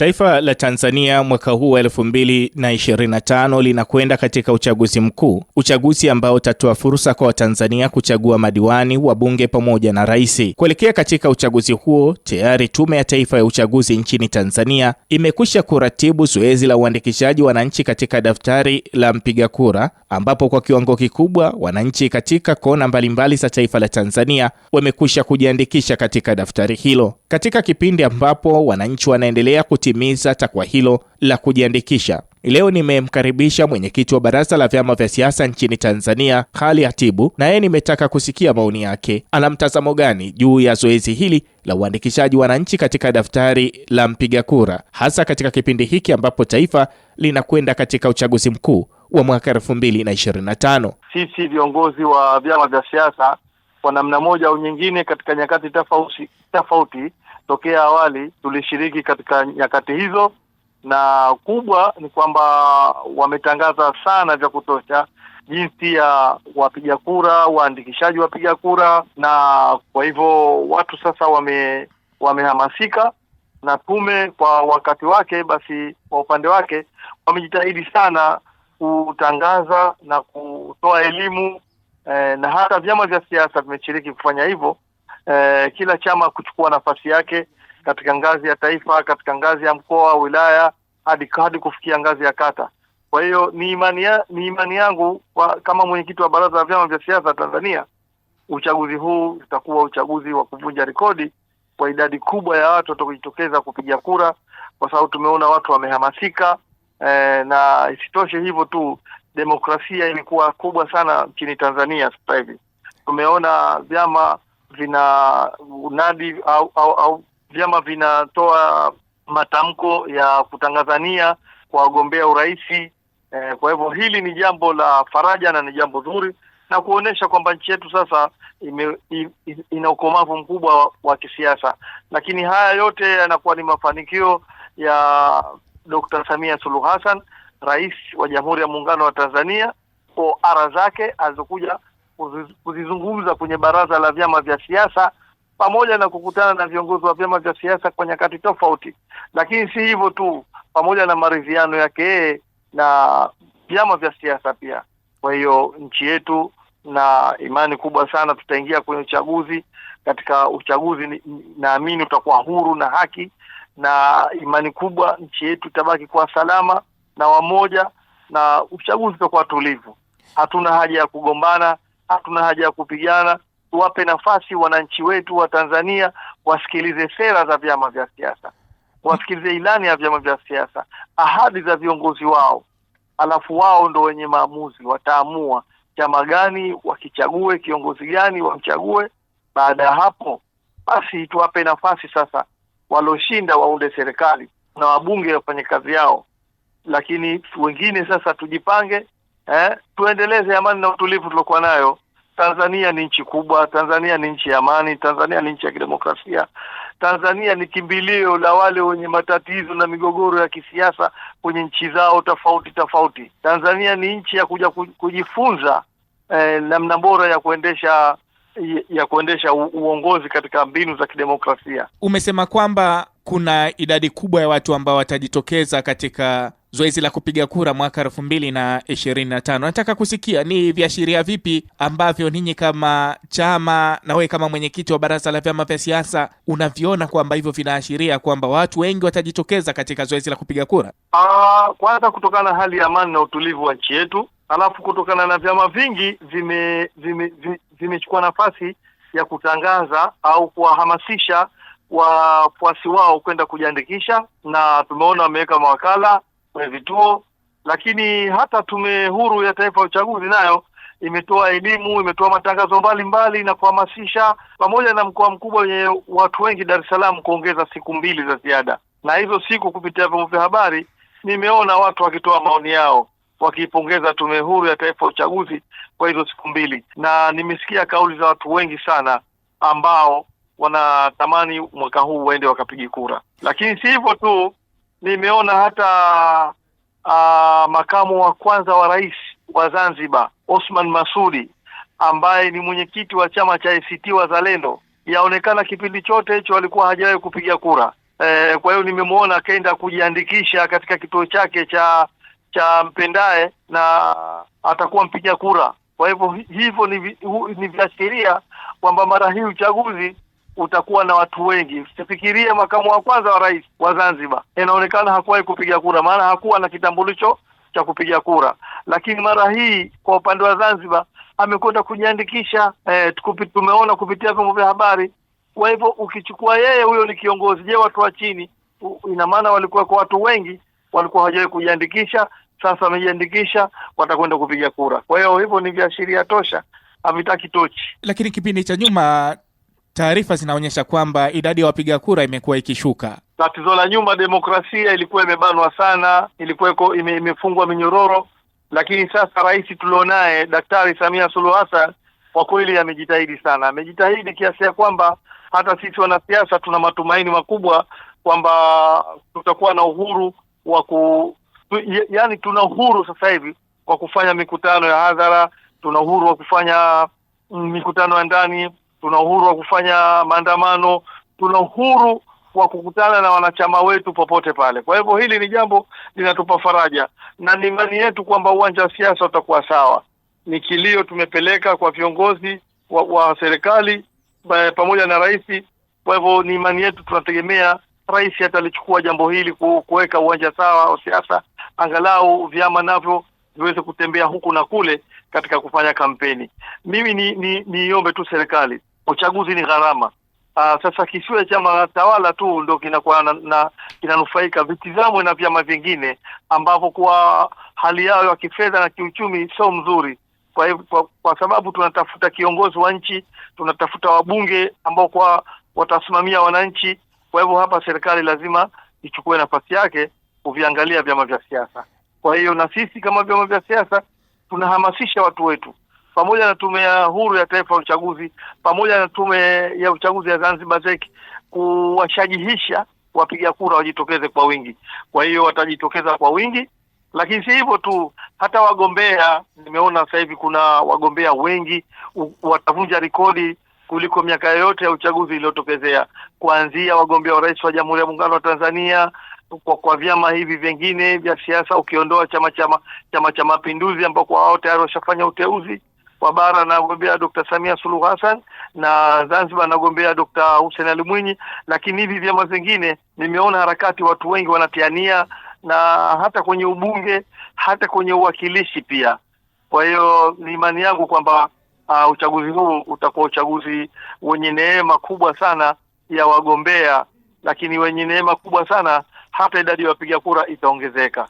Taifa la Tanzania mwaka huu wa 2025 linakwenda katika uchaguzi mkuu, uchaguzi ambao utatoa fursa kwa Watanzania kuchagua madiwani, wabunge pamoja na rais. Kuelekea katika uchaguzi huo, tayari Tume ya Taifa ya Uchaguzi nchini Tanzania imekwisha kuratibu zoezi la uandikishaji wananchi katika daftari la mpiga kura, ambapo kwa kiwango kikubwa wananchi katika kona mbalimbali za taifa la Tanzania wamekwisha kujiandikisha katika daftari hilo katika kipindi ambapo wananchi wanaendelea kutimiza takwa hilo la kujiandikisha. Leo nimemkaribisha mwenyekiti wa baraza la vyama vya siasa nchini Tanzania, hali Atibu, na yeye nimetaka kusikia maoni yake, ana mtazamo gani juu ya zoezi hili la uandikishaji wananchi katika daftari la mpiga kura, hasa katika kipindi hiki ambapo taifa linakwenda katika uchaguzi mkuu wa mwaka elfu mbili na ishirini na tano. Sisi viongozi wa vyama vya siasa kwa namna moja au nyingine, katika nyakati tofauti tofauti tokea awali tulishiriki katika nyakati hizo, na kubwa ni kwamba wametangaza sana vya kutosha jinsi ya wapiga kura, waandikishaji wapiga kura, na kwa hivyo watu sasa wame wamehamasika na tume kwa wakati wake, basi kwa upande wake wamejitahidi sana kutangaza na kutoa elimu eh, na hata vyama vya siasa vimeshiriki kufanya hivyo eh, kila chama kuchukua nafasi yake katika ngazi ya taifa, katika ngazi ya mkoa, wilaya hadi hadi kufikia ngazi ya kata. Kwa hiyo ni imani ya, ni imani yangu wa, kama mwenyekiti wa Baraza la Vyama vya Siasa Tanzania, uchaguzi huu utakuwa uchaguzi wa kuvunja rekodi kwa idadi kubwa ya watu watakojitokeza kupiga kura, kwa sababu tumeona watu wamehamasika eh, na isitoshe hivyo tu, demokrasia imekuwa kubwa sana nchini Tanzania sasa hivi. Tumeona vyama vina unadi au, au, au vyama vinatoa matamko ya kutangazania kwa wagombea urahisi eh, kwa hivyo hili ni jambo la faraja na ni jambo zuri na kuonesha kwamba nchi yetu sasa ime, ina ukomavu mkubwa wa, kisiasa, lakini haya yote yanakuwa ni mafanikio ya Dr. Samia Suluhu Hassan, rais wa Jamhuri ya Muungano wa Tanzania, kwa ara zake alizokuja kuzizungumza kwenye baraza la vyama vya siasa pamoja na kukutana na viongozi wa vyama vya siasa kwa nyakati tofauti. Lakini si hivyo tu, pamoja na maridhiano yake yeye na vyama vya siasa pia. Kwa hiyo nchi yetu, na imani kubwa sana tutaingia kwenye uchaguzi. Katika uchaguzi naamini utakuwa huru na haki, na imani kubwa nchi yetu itabaki kuwa salama na wamoja, na uchaguzi utakuwa tulivu. Hatuna haja ya kugombana hatuna ah, haja ya kupigana. Tuwape nafasi wananchi wetu wa Tanzania wasikilize sera za vyama vya siasa, wasikilize ilani ya vyama vya siasa, ahadi za viongozi wao, alafu wao ndo wenye maamuzi, wataamua chama gani wakichague, kiongozi gani wamchague. Baada ya hapo basi tuwape nafasi sasa waloshinda waunde serikali na wabunge wafanye kazi yao, lakini wengine sasa tujipange, eh, tuendeleze amani na utulivu tuliokuwa nayo. Tanzania ni nchi kubwa, Tanzania ni nchi ya amani, Tanzania ni nchi ya kidemokrasia. Tanzania ni kimbilio la wale wenye matatizo na migogoro ya kisiasa kwenye nchi zao tofauti tofauti. Tanzania ni nchi ya kuja kujifunza eh, namna bora ya kuendesha ya kuendesha uongozi katika mbinu za kidemokrasia. Umesema kwamba kuna idadi kubwa ya watu ambao watajitokeza katika zoezi la kupiga kura mwaka 2025. Nataka kusikia ni viashiria vipi ambavyo ninyi kama chama na wewe kama mwenyekiti wa baraza la vyama vya siasa unaviona kwamba hivyo vinaashiria kwamba watu wengi watajitokeza katika zoezi la kupiga kura. Ah, kwanza kutokana na hali ya amani na utulivu wa nchi yetu, alafu kutokana na vyama vingi vimechukua vime, vime, vime nafasi ya kutangaza au kuwahamasisha wafuasi wao kwenda kujiandikisha, na tumeona wameweka mawakala kwenye vituo, lakini hata Tume Huru ya Taifa ya Uchaguzi nayo imetoa elimu, imetoa matangazo mbalimbali na kuhamasisha, pamoja na mkoa mkubwa wenye watu wengi Dar es Salaam kuongeza siku mbili za ziada. Na hizo siku kupitia vyombo vya habari nimeona watu wakitoa maoni yao wakiipongeza Tume Huru ya Taifa ya Uchaguzi kwa hizo siku mbili, na nimesikia kauli za watu wengi sana ambao wanatamani mwaka huu waende wakapiga kura. Lakini si hivyo tu, nimeona hata uh, makamu wa kwanza wa rais wa Zanzibar Osman Masudi ambaye ni mwenyekiti wa chama cha ACT Wazalendo, yaonekana kipindi chote hicho alikuwa hajawahi kupiga kura e, kwa hiyo nimemwona akaenda kujiandikisha katika kituo chake cha cha Mpendae na atakuwa mpiga kura. Kwa hivyo hivyo ni, ni viashiria kwamba mara hii uchaguzi utakuwa na watu wengi. Sifikirie makamu wa kwanza wa rais wa Zanzibar, inaonekana hakuwahi kupiga kura, maana hakuwa na kitambulisho cha kupiga kura, lakini mara hii kwa upande wa Zanzibar amekwenda kujiandikisha. Eh, tumeona kupitia vyombo vya habari. Kwa hivyo ukichukua yeye huyo ni kiongozi, je, watu wa chini, ina maana walikuwa kwa watu wengi walikuwa hawajawahi kujiandikisha, sasa wamejiandikisha, watakwenda kupiga kura. Kwa hiyo hivyo ni viashiria tosha, havitaki tochi. Lakini kipindi cha nyuma Taarifa zinaonyesha kwamba idadi ya wapiga kura imekuwa ikishuka. Tatizo la nyuma, demokrasia ilikuwa imebanwa sana, ilikuwa ime, imefungwa minyororo, lakini sasa rais tulionaye Daktari Samia Suluhu Hassan kwa kweli amejitahidi sana, amejitahidi kiasi ya kwamba hata sisi wanasiasa tuna matumaini makubwa kwamba tutakuwa na uhuru wa ku yaani, tuna uhuru sasa hivi kwa kufanya mikutano ya hadhara, tuna uhuru wa kufanya mm, mikutano ya ndani tuna uhuru wa kufanya maandamano, tuna uhuru wa kukutana na wanachama wetu popote pale. Kwa hivyo hili ni jambo linatupa faraja na ni imani yetu kwamba uwanja wa siasa utakuwa sawa. Ni kilio tumepeleka kwa viongozi wa, wa serikali pamoja na rais. Kwa hivyo ni imani yetu, tunategemea rais atalichukua jambo hili kuweka uwanja sawa wa siasa, angalau vyama navyo viweze kutembea huku na kule katika kufanya kampeni. Mimi ni, ni, tu serikali uchaguzi ni gharama. Aa, ah, sasa kisiwe chama tawala tu ndo kinakuwa na, na kinanufaika, vitizamwe na vyama vingine ambavyo kwa hali yao ya kifedha na kiuchumi sio mzuri. Kwa kwa, kwa sababu tunatafuta kiongozi wa nchi, tunatafuta wabunge ambao kwa watasimamia wananchi. Kwa hivyo hapa serikali lazima ichukue nafasi yake kuviangalia vyama vya siasa. Kwa hiyo na sisi kama vyama vya siasa tunahamasisha watu wetu pamoja na Tume ya Huru ya Taifa ya Uchaguzi pamoja na Tume ya Uchaguzi ya Zanzibar ZEC kuwashajihisha wapiga kura wajitokeze kwa wingi. Kwa hiyo watajitokeza kwa wingi, lakini si hivyo tu, hata wagombea nimeona sasa hivi kuna wagombea wengi watavunja rekodi kuliko miaka yoyote ya uchaguzi iliyotokezea, kuanzia wagombea wa rais wa Jamhuri ya Muungano wa Tanzania kwa, kwa vyama hivi vingine vya siasa ukiondoa Chama chama chama cha Mapinduzi ambao kwa wao tayari washafanya uteuzi wa bara anagombea Dr. Samia Suluhu Hassan na Zanzibar anagombea Dr. Hussein Ali Mwinyi, lakini hivi vyama vingine nimeona harakati watu wengi wanatiania na hata kwenye ubunge hata kwenye uwakilishi pia. Kwa hiyo ni imani yangu kwamba uh, uchaguzi huu utakuwa uchaguzi wenye neema kubwa sana ya wagombea, lakini wenye neema kubwa sana hata idadi ya wapiga kura itaongezeka.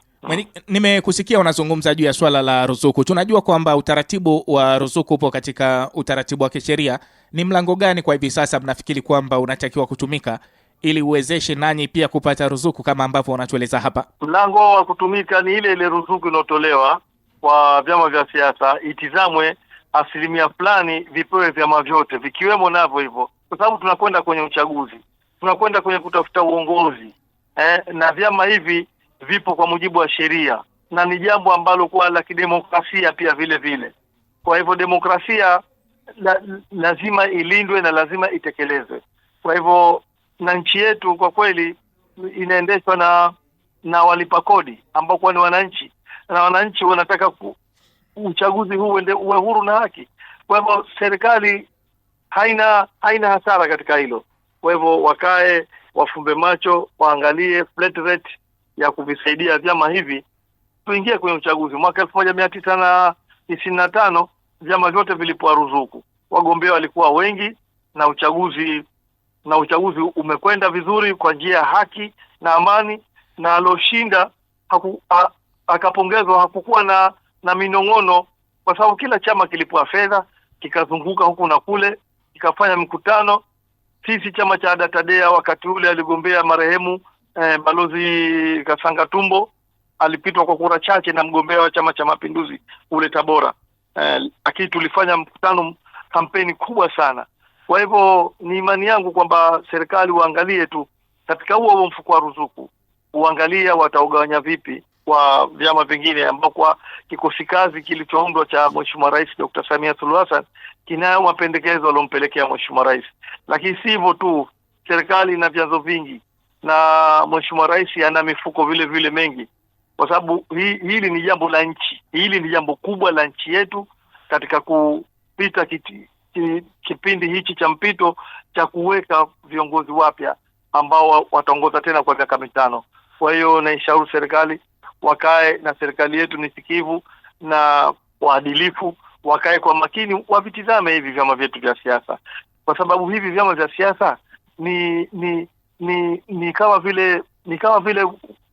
Nimekusikia unazungumza juu ya swala la ruzuku. Tunajua kwamba utaratibu wa ruzuku upo katika utaratibu wa kisheria. Ni mlango gani kwa hivi sasa mnafikiri kwamba unatakiwa kutumika ili uwezeshe nanyi pia kupata ruzuku kama ambavyo unatueleza hapa? Mlango wa kutumika ni ile ile ruzuku inayotolewa kwa vyama vya siasa, itizamwe asilimia fulani vipewe vyama vyote vikiwemo navyo hivyo, kwa sababu tunakwenda kwenye uchaguzi, tunakwenda kwenye kutafuta uongozi eh, na vyama hivi vipo kwa mujibu wa sheria na ni jambo ambalo kuwa la kidemokrasia pia vile vile. Kwa hivyo demokrasia la, lazima ilindwe na lazima itekelezwe. Kwa hivyo na nchi yetu kwa kweli inaendeshwa na na walipa kodi ambao kwa ni wananchi, na wananchi wanataka ku, uchaguzi huu uende uwe huru na haki. Kwa hivyo serikali haina haina hasara katika hilo. Kwa hivyo wakae wafumbe macho, waangalie flat rate ya kuvisaidia vyama hivi tuingie kwenye uchaguzi. Mwaka elfu moja mia tisa na tisini na tano vyama vyote vilipewa ruzuku, wagombea walikuwa wengi na uchaguzi na uchaguzi umekwenda vizuri kwa njia ya haki na amani, na aloshinda haku, ha, akapongezwa. Hakukuwa na na minong'ono, kwa sababu kila chama kilipoa fedha kikazunguka huku na kule kikafanya mkutano Sisi chama cha Adatadea wakati ule aligombea marehemu eh, balozi Kasanga Tumbo alipitwa kwa kura chache na mgombea wa chama cha mapinduzi ule Tabora, eh, lakini tulifanya mkutano, kampeni kubwa sana. Kwa hivyo ni imani yangu kwamba serikali waangalie tu katika huo huo mfuko wa ruzuku, uangalia wataugawanya vipi kwa vyama vingine, ambao kwa kikosi kazi kilichoundwa cha Mheshimiwa Rais Dr. Samia Suluhu Hassan kinayo mapendekezo aliompelekea Mheshimiwa Rais. Lakini si hivyo tu, serikali ina vyanzo vingi na mheshimiwa rais ana mifuko vile vile mengi, kwa sababu hi, hili ni jambo la nchi, hili ni jambo kubwa la nchi yetu katika kupita kiti, ki, kipindi hichi cha mpito cha kuweka viongozi wapya ambao wataongoza tena kwa miaka mitano. Kwa hiyo naishauri serikali wakae na serikali yetu ni sikivu na waadilifu, wakae kwa makini, wavitizame hivi vyama vyetu vya siasa, kwa sababu hivi vyama vya siasa ni ni ni ni kama vile ni kama vile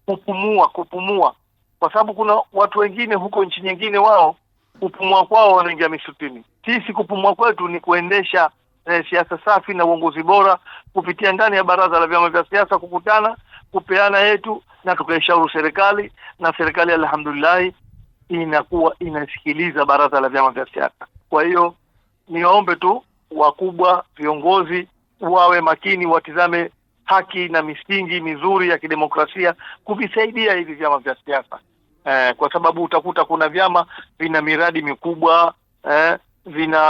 kupumua kupumua kwa sababu kuna watu wengine huko nchi nyingine wao kupumua kwao wanaingia misutini sisi kupumua kwetu ni kuendesha eh, siasa safi na uongozi bora kupitia ndani ya baraza la vyama vya siasa kukutana kupeana yetu na tukaishauri serikali na serikali alhamdulillah inakuwa inasikiliza baraza la vyama vya siasa kwa hiyo niwaombe tu wakubwa viongozi wawe makini watizame haki na misingi mizuri ya kidemokrasia kuvisaidia hivi vyama vya siasa eh, kwa sababu utakuta kuna vyama vina miradi mikubwa eh, vina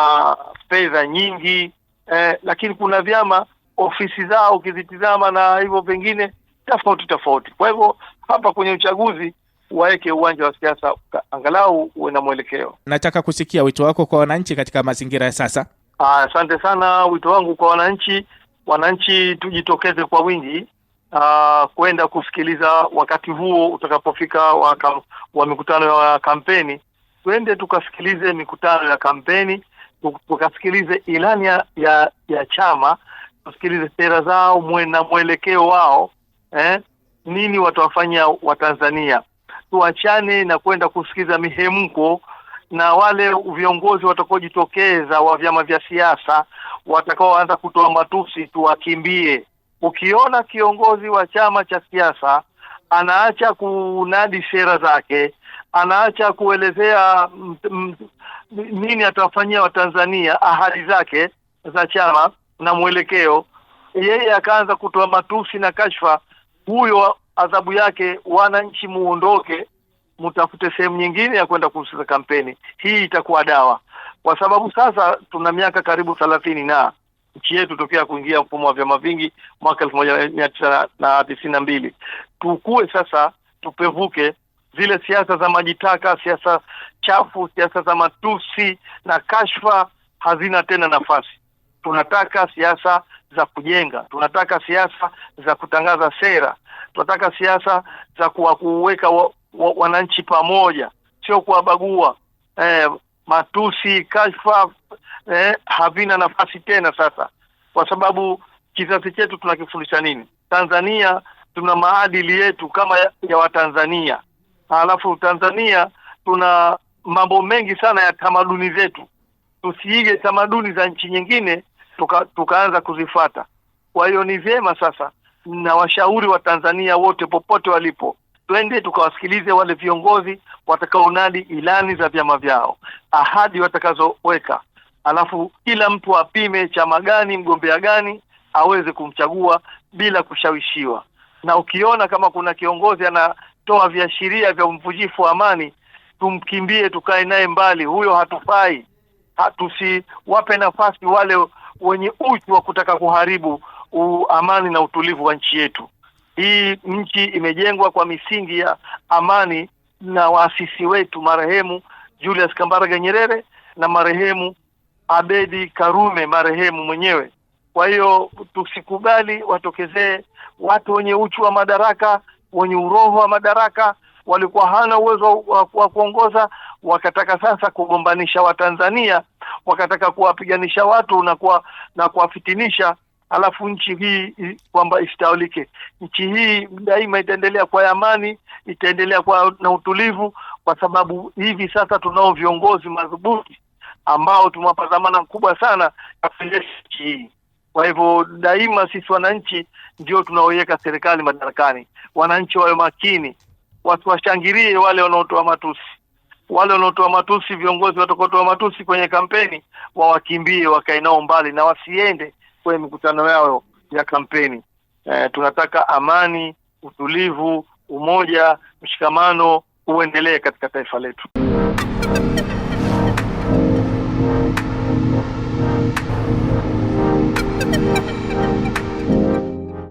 fedha nyingi eh, lakini kuna vyama ofisi zao ukizitizama na hivyo pengine tofauti tofauti. Kwa hivyo hapa kwenye uchaguzi waweke uwanja wa siasa angalau uwe na mwelekeo. Nataka kusikia wito wako kwa wananchi katika mazingira ya sasa. Ah, asante sana. Wito wangu kwa wananchi wananchi tujitokeze kwa wingi uh, kwenda kusikiliza wakati huo utakapofika wa, kam, wa mikutano ya kampeni twende tukasikilize mikutano ya kampeni tukasikilize ilani ya, ya, ya chama tusikilize sera zao mwe na mwelekeo wao eh, nini watawafanya watanzania tuachane na kwenda kusikiza mihemko na wale viongozi watakaojitokeza wa vyama vya siasa watakaoanza kutoa matusi tuwakimbie. Ukiona kiongozi wa chama cha siasa anaacha kunadi sera zake, anaacha kuelezea nini atawafanyia Watanzania, ahadi zake za chama na mwelekeo, yeye akaanza kutoa matusi na kashfa, huyo adhabu yake, wananchi muondoke, mtafute sehemu nyingine ya kwenda kuhusika kampeni. Hii itakuwa dawa kwa sababu sasa tuna miaka karibu thelathini na nchi yetu tokea kuingia mfumo wa vyama vingi mwaka elfu moja mia tisa na tisini na mbili tukue sasa tupevuke zile siasa za majitaka siasa chafu siasa za matusi na kashfa hazina tena nafasi tunataka siasa za kujenga tunataka siasa za kutangaza sera tunataka siasa za kuweka wa, wa, wananchi pamoja sio kuwabagua eh, matusi, kashfa eh, havina nafasi tena sasa, kwa sababu kizazi chetu tunakifundisha nini? Tanzania tuna maadili yetu kama ya, ya Watanzania, alafu Tanzania tuna mambo mengi sana ya tamaduni zetu. Tusiige tamaduni za nchi nyingine tuka, tukaanza kuzifata. Kwa hiyo ni vyema sasa, na washauri wa Tanzania wote popote walipo twende tukawasikilize wale viongozi watakaonadi ilani za vyama vyao, ahadi watakazoweka, alafu kila mtu apime chama gani, mgombea gani aweze kumchagua bila kushawishiwa. Na ukiona kama kuna kiongozi anatoa viashiria vya mvujifu wa amani, tumkimbie, tukae naye mbali, huyo hatufai. Tusiwape nafasi wale wenye uchu wa kutaka kuharibu amani na utulivu wa nchi yetu. Hii nchi imejengwa kwa misingi ya amani na waasisi wetu marehemu Julius Kambarage Nyerere na marehemu Abedi Karume marehemu mwenyewe. Kwa hiyo tusikubali watokezee watu wenye uchu wa madaraka, wenye uroho wa madaraka, walikuwa hana uwezo wa kuongoza, wakataka sasa kugombanisha Watanzania, wakataka kuwapiganisha watu na kuwa, na kuwafitinisha alafu nchi hii kwamba istaulike. Nchi hii daima itaendelea kwa amani, itaendelea kwa na utulivu, kwa sababu hivi sasa tunao viongozi madhubuti ambao tumewapa dhamana kubwa sana ya kuendesha nchi hii. Kwa hivyo daima sisi wananchi ndio tunaoiweka serikali madarakani. Wananchi wawe makini, wasiwashangilie wale wanaotoa matusi, wale wanaotoa matusi, viongozi watakotoa matusi kwenye kampeni wawakimbie, wakae nao mbali na wasiende kwenye mikutano yao ya kampeni. E, tunataka amani, utulivu, umoja, mshikamano uendelee katika taifa letu.